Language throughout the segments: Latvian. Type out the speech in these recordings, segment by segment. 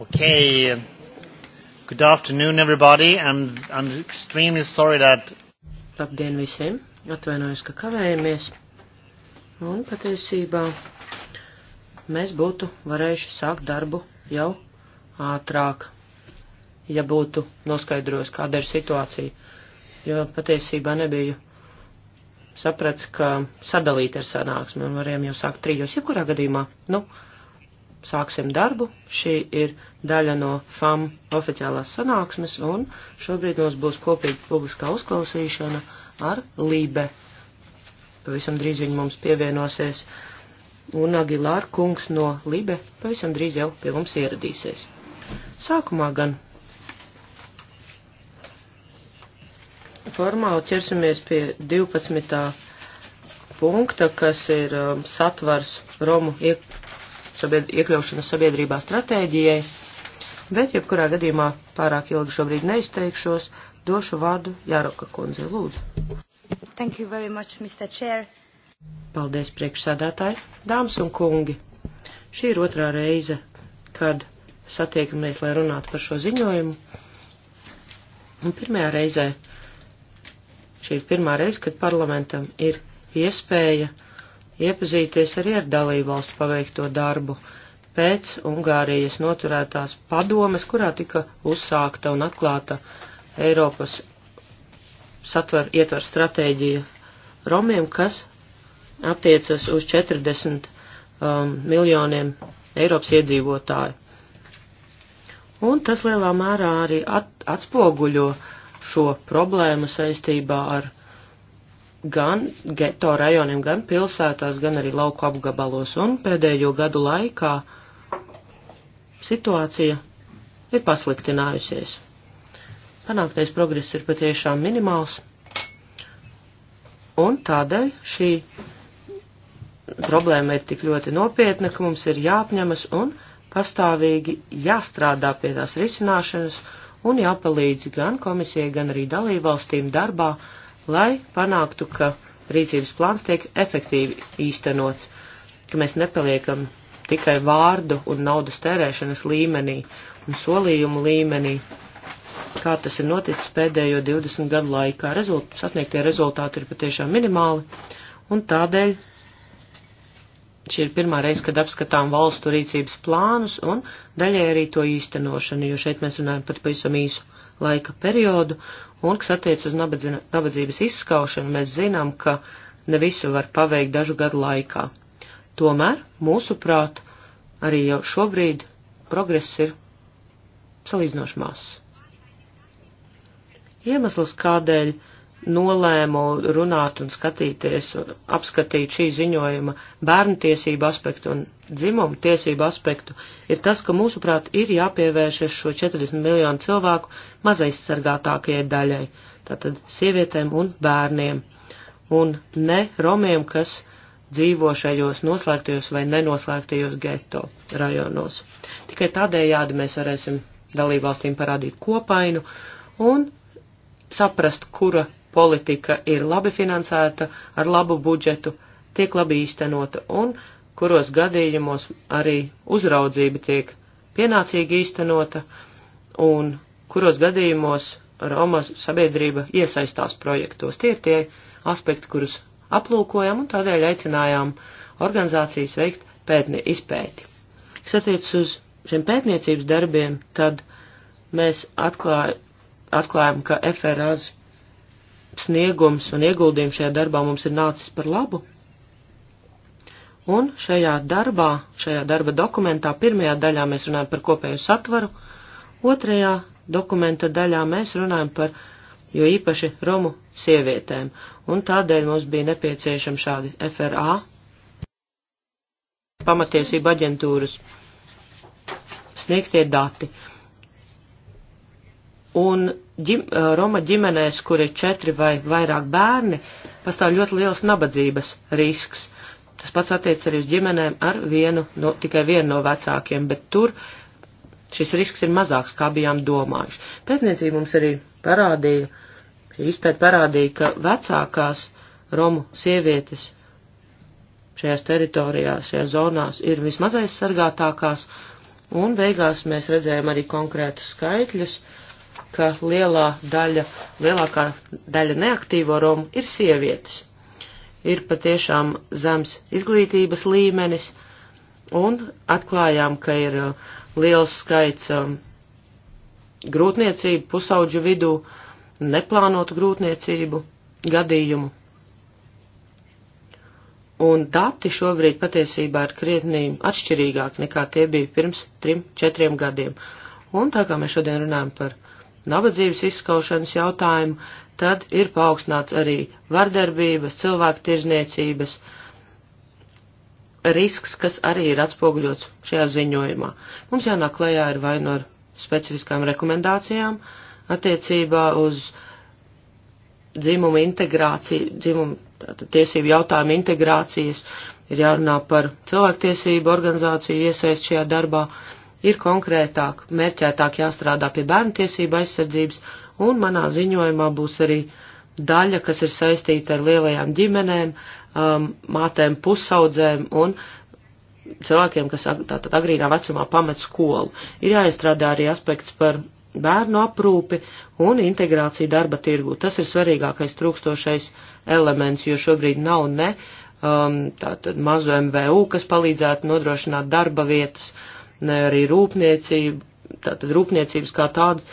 Okay. Good afternoon, everybody, and I'm extremely sorry that. Labdien visiem! Atvainojos, ka kavējamies. Un patiesībā mēs būtu varējuši sākt darbu jau ātrāk, ja būtu noskaidrojis, kāda ir situācija. Jo patiesībā nebija saprats, ka sadalīt ir sanāksme un varējām jau sākt trijos. Jebkurā gadījumā, nu, sāksim darbu. Šī ir daļa no FAM oficiālās sanāksmes, un šobrīd mums būs kopīga publiskā uzklausīšana ar Lībe. Pavisam drīz viņi mums pievienosies, un Agilār kungs no Lībe pavisam drīz jau pie mums ieradīsies. Sākumā gan formāli ķersimies pie 12. punkta, kas ir um, satvars Romu iek sabied iekļaušanas sabiedrībā stratēģijai, bet jebkurā gadījumā pārāk ilgi šobrīd neizteikšos, došu vārdu Jāroka kundze, lūdzu. Thank you very much, Mr. Chair. Paldies, priekšsādātāji, dāmas un kungi. Šī ir otrā reize, kad satiekamies, lai runātu par šo ziņojumu. Un pirmajā reizē, šī ir pirmā reize, kad parlamentam ir iespēja uh, iepazīties arī ar dalībvalstu paveikto darbu pēc Ungārijas noturētās padomes, kurā tika uzsākta un atklāta Eiropas satver ietver stratēģija Romiem, kas attiecas uz 40 um, miljoniem Eiropas iedzīvotāju. Un tas lielā mērā arī at, atspoguļo šo problēmu saistībā ar gan geto rajoniem, gan pilsētās, gan arī lauku apgabalos, un pēdējo gadu laikā situācija ir pasliktinājusies. Panāktais progress ir patiešām minimāls, un tādēļ šī problēma ir tik ļoti nopietna, ka mums ir jāapņemas un pastāvīgi jāstrādā pie tās risināšanas un jāpalīdz gan komisijai, gan arī dalībvalstīm darbā, lai panāktu, ka rīcības plāns tiek efektīvi īstenots, ka mēs nepaliekam tikai vārdu un naudas tērēšanas līmenī un solījumu līmenī, kā tas ir noticis pēdējo 20 gadu laikā. Rezult, sasniegtie rezultāti ir patiešām minimāli, un tādēļ šī ir pirmā reize, kad apskatām valstu rīcības plānus un daļai arī to īstenošanu, jo šeit mēs runājam par pavisam īsu laika periodu, un kas attiec uz nabadzības izskaušanu, mēs zinām, ka ne visu var paveikt dažu gadu laikā. Tomēr, mūsuprāt, arī jau šobrīd progress ir salīdzinoši mazs. Iemesls, kādēļ nolēmu runāt un skatīties, apskatīt šī ziņojuma bērnu tiesību aspektu un dzimumu tiesību aspektu, ir tas, ka mūsuprāt ir jāpievēršas šo 40 miljonu cilvēku mazaizsargātākajai daļai, tātad sievietēm un bērniem, un ne romiem, kas dzīvo šajos noslēgtajos vai nenoslēgtajos geto rajonos. Tikai tādējādi mēs varēsim dalībvalstīm parādīt kopainu un saprast, kura politika ir labi finansēta, ar labu budžetu, tiek labi īstenota un kuros gadījumos arī uzraudzība tiek pienācīgi īstenota un kuros gadījumos Roma sabiedrība iesaistās projektos. Tie ir tie aspekti, kurus aplūkojam un tādēļ aicinājām organizācijas veikt pētni izpēti. Kas attiecas uz šiem pētniecības darbiem, tad mēs atklāj, atklājam, ka FRAs sniegums un ieguldījums šajā darbā mums ir nācis par labu. Un šajā darbā, šajā darba dokumentā, pirmajā daļā mēs runājam par kopēju satvaru, otrajā dokumenta daļā mēs runājam par, jo īpaši Romu sievietēm, un tādēļ mums bija nepieciešami šādi FRA, pamatiesība aģentūras sniegtie dati. Un ģim, eh, Roma ģimenēs, kur ir četri vai vairāk bērni, pastāv ļoti liels nabadzības risks. Tas pats attiec arī uz ģimenēm ar vienu, no, tikai vienu no vecākiem, bet tur šis risks ir mazāks, kā bijām domājuši. Pētniecība mums arī parādīja, izpēt parādīja, ka vecākās Romu sievietes šajās teritorijās, šajās zonās ir vismaz aizsargātākās, un beigās mēs redzējām arī konkrētus skaitļus. Uh, ka lielā daļa, lielākā daļa neaktīvo romu ir sievietes. Ir patiešām zems izglītības līmenis, un atklājām, ka ir uh, liels skaits um, grūtniecību pusauģu vidū, neplānotu grūtniecību gadījumu. Un dati šobrīd patiesībā ir krietnī atšķirīgāki nekā tie bija pirms trim, četriem gadiem. Un tā kā mēs šodien runājam par nabadzības izskaušanas jautājumu, tad ir paaugstināts arī vardarbības, cilvēku tirzniecības risks, kas arī ir atspoguļots šajā ziņojumā. Mums jānāk klējā ir vai no nu specifiskām rekomendācijām attiecībā uz dzimumu integrāciju, dzimumu tiesību jautājumu integrācijas, ir jārunā par cilvēktiesību organizāciju iesaist šajā darbā ir konkrētāk, mērķētāk jāstrādā pie bērnu tiesību aizsardzības, un manā ziņojumā būs arī daļa, kas ir saistīta ar lielajām ģimenēm, um, mātēm, pusaudzēm un cilvēkiem, kas tātad agrīnā vecumā pamet skolu. Ir jāiestrādā arī aspekts par bērnu aprūpi un integrāciju darba tirgu. Tas ir svarīgākais trūkstošais elements, jo šobrīd nav ne um, tātad mazu MVU, kas palīdzētu nodrošināt darba vietas, uh, ne arī rūpniecību, tātad rūpniecības kā tādas,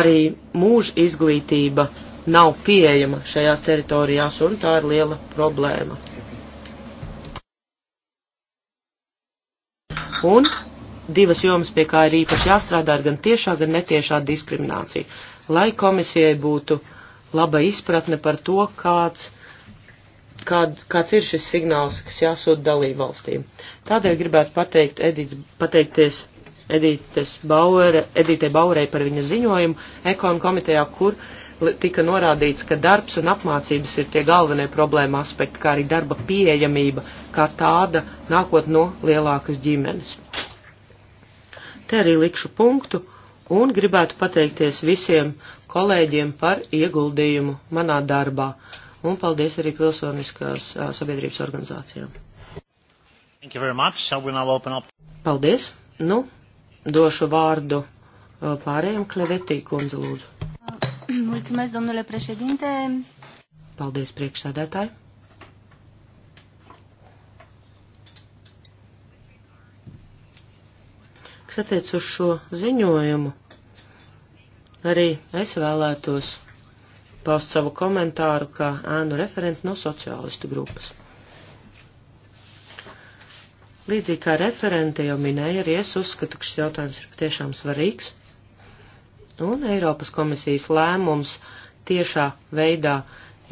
arī mūža izglītība nav pieejama šajās teritorijās, un tā ir liela problēma. Un divas jomas, pie kā ir īpaši jāstrādā, ir gan tiešā, gan netiešā diskriminācija, lai komisijai būtu laba izpratne par to, kāds kād, kāds ir šis signāls, kas jāsūt dalību valstīm. Tādēļ gribētu pateikt Edīts, pateikties Edītes Bauere, Edītei Baurei par viņa ziņojumu ekonu komitejā, kur tika norādīts, ka darbs un apmācības ir tie galvenie problēma aspekti, kā arī darba pieejamība, kā tāda nākot no lielākas ģimenes. Te arī likšu punktu un gribētu pateikties visiem kolēģiem par ieguldījumu manā darbā un paldies arī pilsoniskās sabiedrības organizācijām. Paldies. Nu, došu vārdu pārējiem klevetī, kundze lūdzu. Mulțumesc, domnule președinte. Paldies, priekšsēdētāji. Kas attiec uz šo ziņojumu, arī es vēlētos paust savu komentāru kā ēnu referentu no sociālistu grupas. Līdzīgi kā referente jau minēja, arī es uzskatu, ka šis jautājums ir patiešām svarīgs. Un Eiropas komisijas lēmums tiešā veidā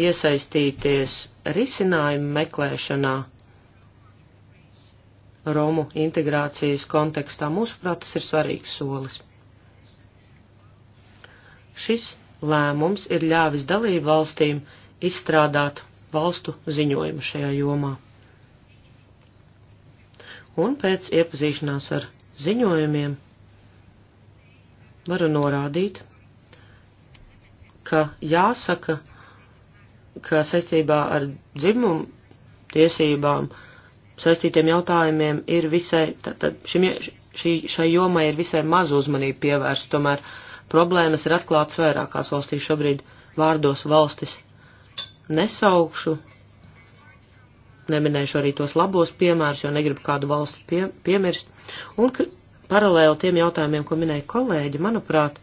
iesaistīties risinājumu meklēšanā Romu integrācijas kontekstā, mūsuprāt, tas ir svarīgs solis. Šis lēmums ir ļāvis dalību valstīm izstrādāt valstu ziņojumu šajā jomā. Un pēc iepazīšanās ar ziņojumiem varu norādīt, ka jāsaka, ka saistībā ar dzimumu tiesībām saistītiem jautājumiem ir visai, tad šim, šī, šai jomai ir visai maz uzmanība pievērsta, tomēr uh, Problēmas ir atklātas vairākās valstīs šobrīd vārdos valstis. Nesaukšu, neminēšu arī tos labos piemērus, jo negribu kādu valsti pie, piemirst. Un paralēli tiem jautājumiem, ko minēja kolēģi, manuprāt,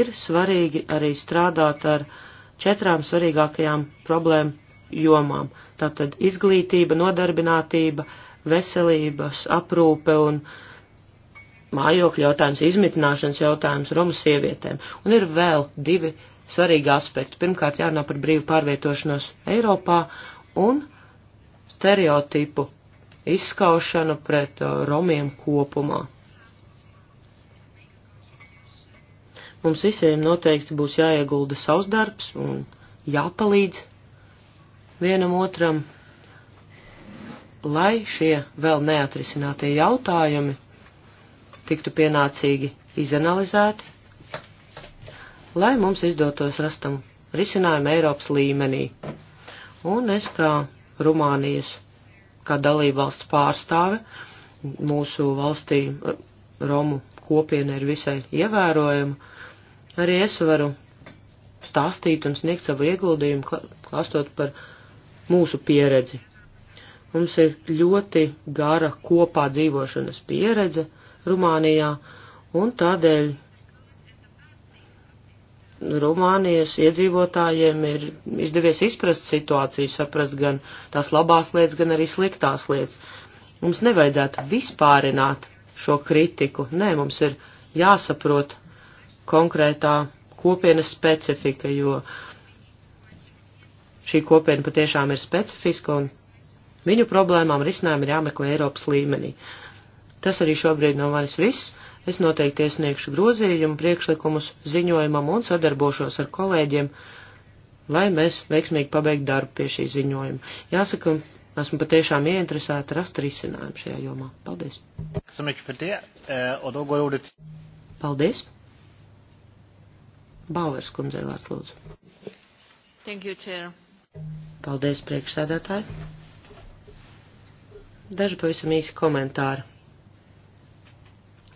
ir svarīgi arī strādāt ar četrām svarīgākajām problēmu jomām. Tātad izglītība, nodarbinātība, veselības aprūpe un uh, mājokļu jautājums, izmitināšanas jautājums, romu sievietēm. Un ir vēl divi svarīgi aspekti. Pirmkārt, jārunā par brīvu pārvietošanos Eiropā un stereotipu izskaušanu pret uh, romiem kopumā. Mums visiem noteikti būs jāiegulda savs darbs un jāpalīdz vienam otram, lai šie vēl neatrisinātie jautājumi tiktu pienācīgi izanalizēti, lai mums izdotos rastam risinājumu Eiropas līmenī. Un es kā Rumānijas, kā dalībvalsts pārstāve, mūsu valstī eh, Romu kopiena ir visai ievērojama, arī es varu stāstīt un sniegt savu ieguldījumu, klāstot par mūsu pieredzi. Mums ir ļoti gara kopā dzīvošanas pieredze Rumānijā, un tādēļ Rumānijas iedzīvotājiem ir izdevies izprast situāciju, saprast gan tās labās lietas, gan arī sliktās lietas. Mums nevajadzētu vispārināt šo kritiku, nē, mums ir jāsaprot konkrētā kopienas specifika, jo šī kopiena patiešām ir specifiska un viņu problēmām risinājumi ir jāmeklē Eiropas līmenī. Uh, Tas arī šobrīd no manis viss. Es noteikti iesniegšu grozījumu priekšlikumus ziņojumam un sadarbošos ar kolēģiem, lai mēs veiksmīgi pabeigtu darbu pie šī ziņojuma. Jāsaka, esmu patiešām ieinteresēta rast risinājumu šajā jomā. Paldies! Eh, Paldies! Bauer skundzei vārds lūdzu. Thank you, Chair. Paldies, priekšsēdētāji. Daži pavisam īsi komentāri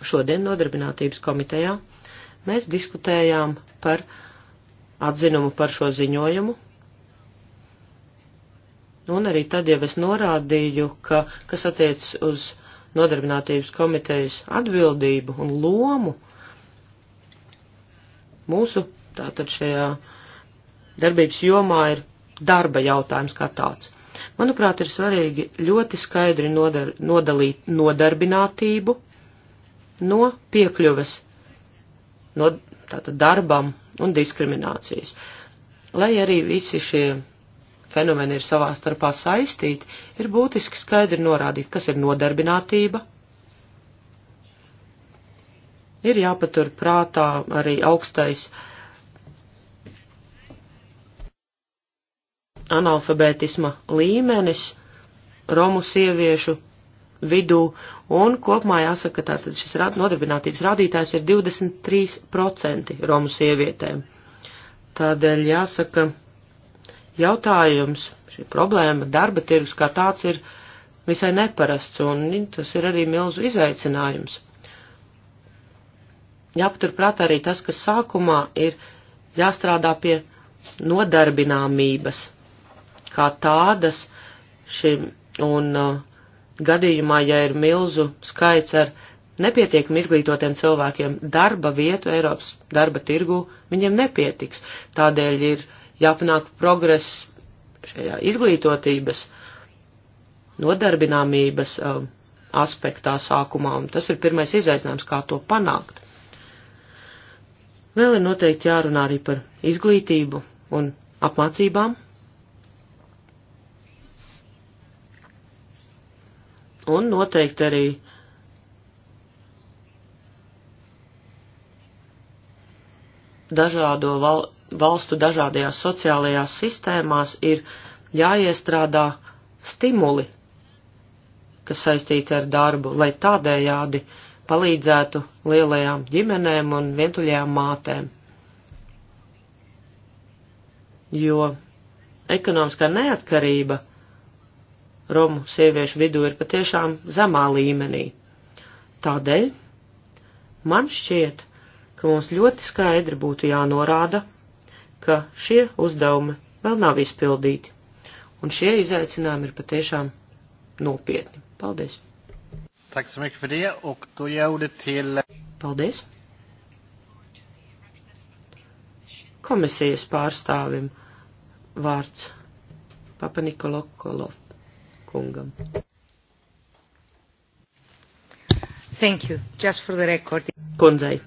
šodien nodarbinātības komitejā mēs diskutējām par atzinumu par šo ziņojumu. Un arī tad, ja es norādīju, ka kas attiec uz nodarbinātības komitejas atbildību un lomu mūsu tātad šajā darbības jomā ir darba jautājums kā tāds. Manuprāt, ir svarīgi ļoti skaidri nodar, nodalīt nodarbinātību no piekļuves, no tātad darbam un diskriminācijas. Lai arī visi šie fenomeni ir savā starpā saistīti, ir būtiski skaidri norādīt, kas ir nodarbinātība. Ir jāpatur prātā arī augstais analfabētisma līmenis romu sieviešu vidū Un kopumā jāsaka, ka tātad šis nodarbinātības rādītājs ir 23% Romu sievietēm. Tādēļ jāsaka, jautājums, šī problēma, darba tirgus kā tāds ir visai neparasts, un tas ir arī milzu izaicinājums. Jāpaturprāt arī tas, ka sākumā ir jāstrādā pie nodarbināmības kā tādas šim, un uh, gadījumā, ja ir milzu skaits ar nepietiekami izglītotiem cilvēkiem darba vietu Eiropas darba tirgu, viņiem nepietiks. Tādēļ ir jāpanāk progress šajā izglītotības, nodarbināmības um, aspektā sākumā, un tas ir pirmais izaicinājums, kā to panākt. Vēl ir noteikti jārunā arī par izglītību un apmācībām Un noteikti arī dažādo val, valstu dažādajās sociālajās sistēmās ir jāiestrādā stimuli, kas saistīti ar darbu, lai tādējādi palīdzētu lielajām ģimenēm un vientuļajām mātēm. Jo ekonomiskā neatkarība – Romu sieviešu vidū ir patiešām zemā līmenī. Tādēļ man šķiet, ka mums ļoti skaidri būtu jānorāda, ka šie uzdevumi vēl nav izpildīti, un šie izaicinājumi ir patiešām nopietni. Paldies! Tack så mycket för det och då ger jag ordet till... Paldies! Komisijas pārstāvim vārds Papa Nikolokolo kungam. Thank you. Just for the record. Kundzei.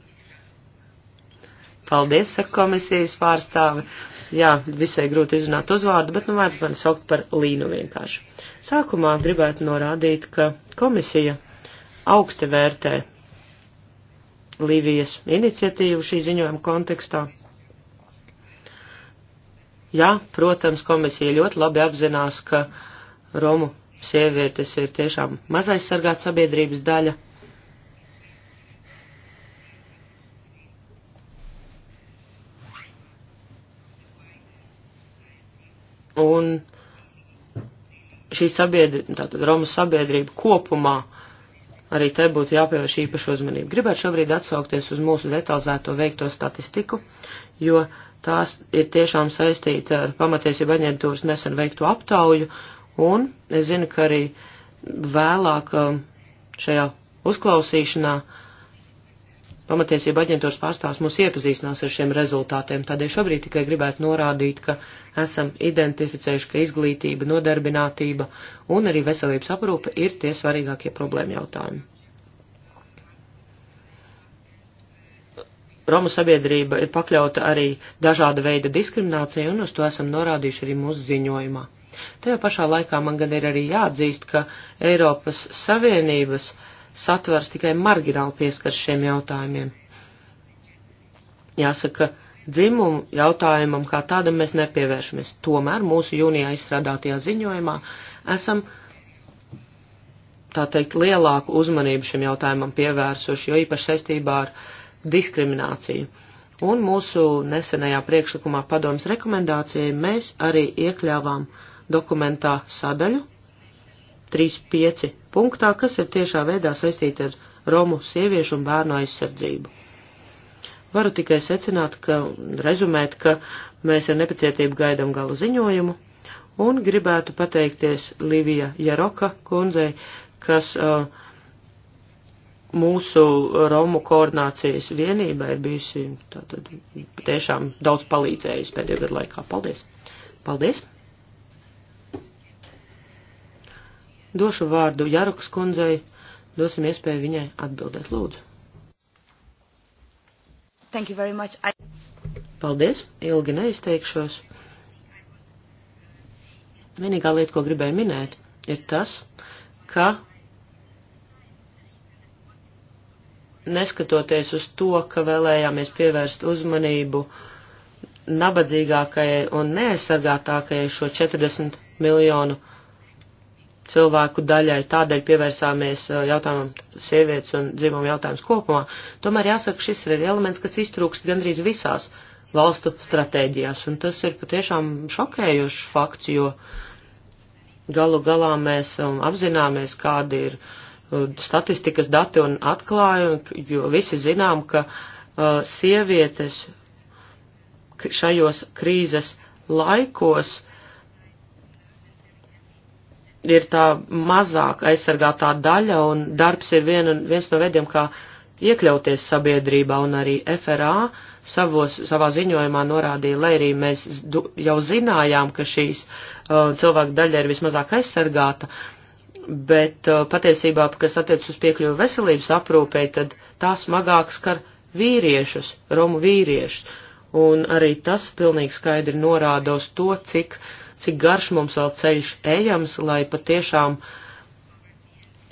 Paldies, saka komisijas pārstāve. Jā, visai grūti izrunāt uzvārdu, bet nu vajag man saukt par Līnu vienkārši. Sākumā gribētu norādīt, ka komisija augsti vērtē Līvijas iniciatīvu šī ziņojuma kontekstā. Jā, protams, komisija ļoti labi apzinās, ka uh, Romu sievietes ir tiešām mazais sargāta sabiedrības daļa. Un šī sabiedrība, tātad Romas sabiedrība kopumā, arī te būtu jāpievērš īpaša uzmanība. Gribētu šobrīd atsaukties uz mūsu detalizēto veikto statistiku, jo tās ir tiešām saistīta ar pamatiesību aģentūras nesen veikto aptauju, uh, Un es zinu, ka arī vēlāk um, šajā uzklausīšanā pamatiesība aģentūras pārstāvs mūs iepazīstinās ar šiem rezultātiem. Tādēļ šobrīd tikai gribētu norādīt, ka esam identificējuši, ka izglītība, nodarbinātība un arī veselības aprūpe ir tie svarīgākie problēma jautājumi. Romu sabiedrība ir pakļauta arī dažāda veida diskriminācija, un uz to esam norādījuši arī mūsu ziņojumā. Tajā pašā laikā man gan ir arī jāatzīst, ka Eiropas Savienības satvers tikai margināli pieskar šiem jautājumiem. Jāsaka, dzimumu jautājumam kā tādam mēs nepievēršamies. Tomēr mūsu jūnijā izstrādātajā ziņojumā esam tā teikt, lielāku uzmanību šim jautājumam pievērsuši, jo īpaši saistībā ar diskrimināciju. Un mūsu nesenajā priekšlikumā padomas rekomendācijai mēs arī iekļāvām uh, dokumentā sadaļu 3.5. punktā, kas ir tiešā veidā saistīta ar Romu sieviešu un bērnu aizsardzību. Varu tikai secināt, ka rezumēt, ka mēs ar nepacietību gaidam gala ziņojumu un gribētu pateikties Livija Jaroka kundzei, kas uh, mūsu Romu koordinācijas vienībai ir bijusi tātad tiešām daudz palīdzējusi pēdējo gadu laikā. Paldies! Paldies! Došu vārdu Jarukas kundzei, dosim iespēju viņai atbildēt lūdzu. Thank you very much. I... Paldies, ilgi neizteikšos. Vienīgā lieta, ko gribēju minēt, ir tas, ka neskatoties uz to, ka vēlējāmies pievērst uzmanību nabadzīgākajai un neaizsargātākajai šo 40 miljonu cilvēku daļai, tādēļ pievērsāmies uh, jautājumam sievietes un dzimumu jautājums kopumā. Tomēr jāsaka, šis ir elements, kas iztrūkst gandrīz visās valstu stratēģijās, un tas ir patiešām šokējošs fakts, jo galu galā mēs um, apzināmies, kādi ir uh, statistikas dati un atklājumi, jo visi zinām, ka uh, sievietes šajos krīzes laikos ir tā mazāk aizsargātā daļa, un darbs ir vien, viens no veidiem, kā iekļauties sabiedrībā, un arī FRA savos, savā ziņojumā norādīja, lai arī mēs jau zinājām, ka šīs uh, cilvēku daļa ir vismazāk aizsargāta, bet uh, patiesībā, kas attiec uz piekļuvu veselības aprūpē, tad tā smagāk skar vīriešus, romu vīriešus Un arī tas pilnīgi skaidri norāda uz to, cik, cik garš mums vēl ceļš ejams, lai patiešām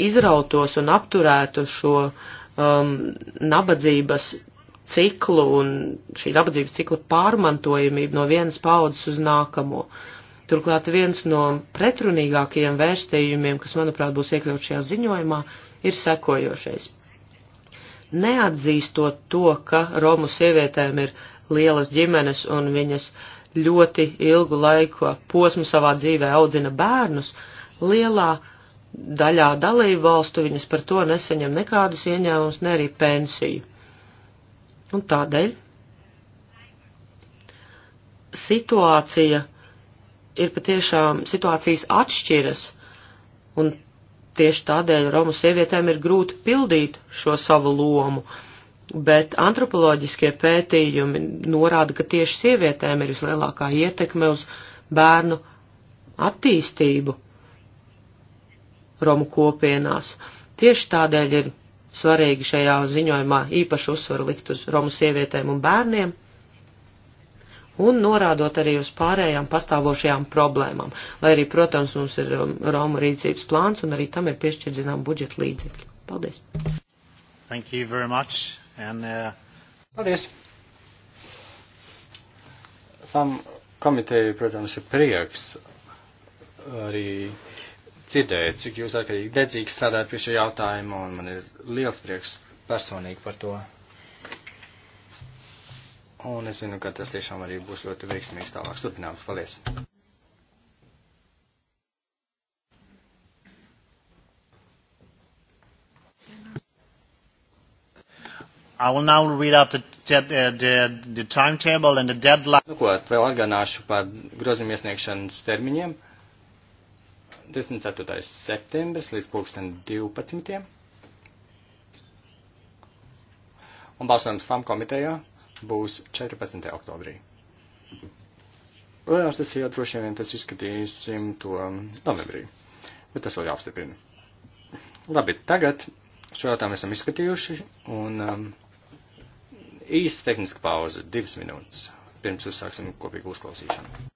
izrautos un apturētu šo um, nabadzības ciklu un šī nabadzības cikla pārmantojamību no vienas paudzes uz nākamo. Turklāt viens no pretrunīgākajiem vērstījumiem, kas, manuprāt, būs iekļauts šajā ziņojumā, ir sekojošais. Neatzīstot to, ka Romu sievietēm ir lielas ģimenes un viņas ļoti ilgu laiku posmu savā dzīvē audzina bērnus, lielā daļā dalību valstu viņas par to nesaņem nekādus ieņēmumus, ne arī pensiju. Un tādēļ situācija ir patiešām, situācijas atšķiras, un tieši tādēļ Romu sievietēm ir grūti pildīt šo savu lomu. Uh, bet antropoloģiskie pētījumi norāda, ka tieši sievietēm ir vislielākā ietekme uz bērnu attīstību Romu kopienās. Tieši tādēļ ir svarīgi šajā ziņojumā īpašu uzsvaru likt uz Romu sievietēm un bērniem un norādot arī uz pārējām pastāvošajām problēmām, lai arī, protams, mums ir um, Roma rīcības plāns un arī tam ir piešķirt zinām budžeta līdzekļi. Paldies! Thank you very much. And, uh, Paldies! Tam komiteju, protams, ir prieks arī dzirdēt, cik jūs ārkārtīgi dedzīgi strādājat pie šī jautājuma, un man ir liels prieks personīgi par to. Un es zinu, ka tas tiešām arī būs ļoti veiksmīgs tālāks turpinājums. Paldies! I will now read out the, the, the, uh, the timetable and the deadline. Nu, ko, vēl atgādināšu par grozījumu iesniegšanas termiņiem. 24. septembris līdz 2012. Un balsojums FAM komitejā būs 14. oktobrī. Lielā sesijā droši vien tas izskatīsim to novembrī, bet tas vēl jāapstiprina. Labi, tagad šo jautājumu esam izskatījuši un. Um, Īsta tehniska pauze, divas minūtes, pirms uzsāksim kopīgu uzklausīšanu.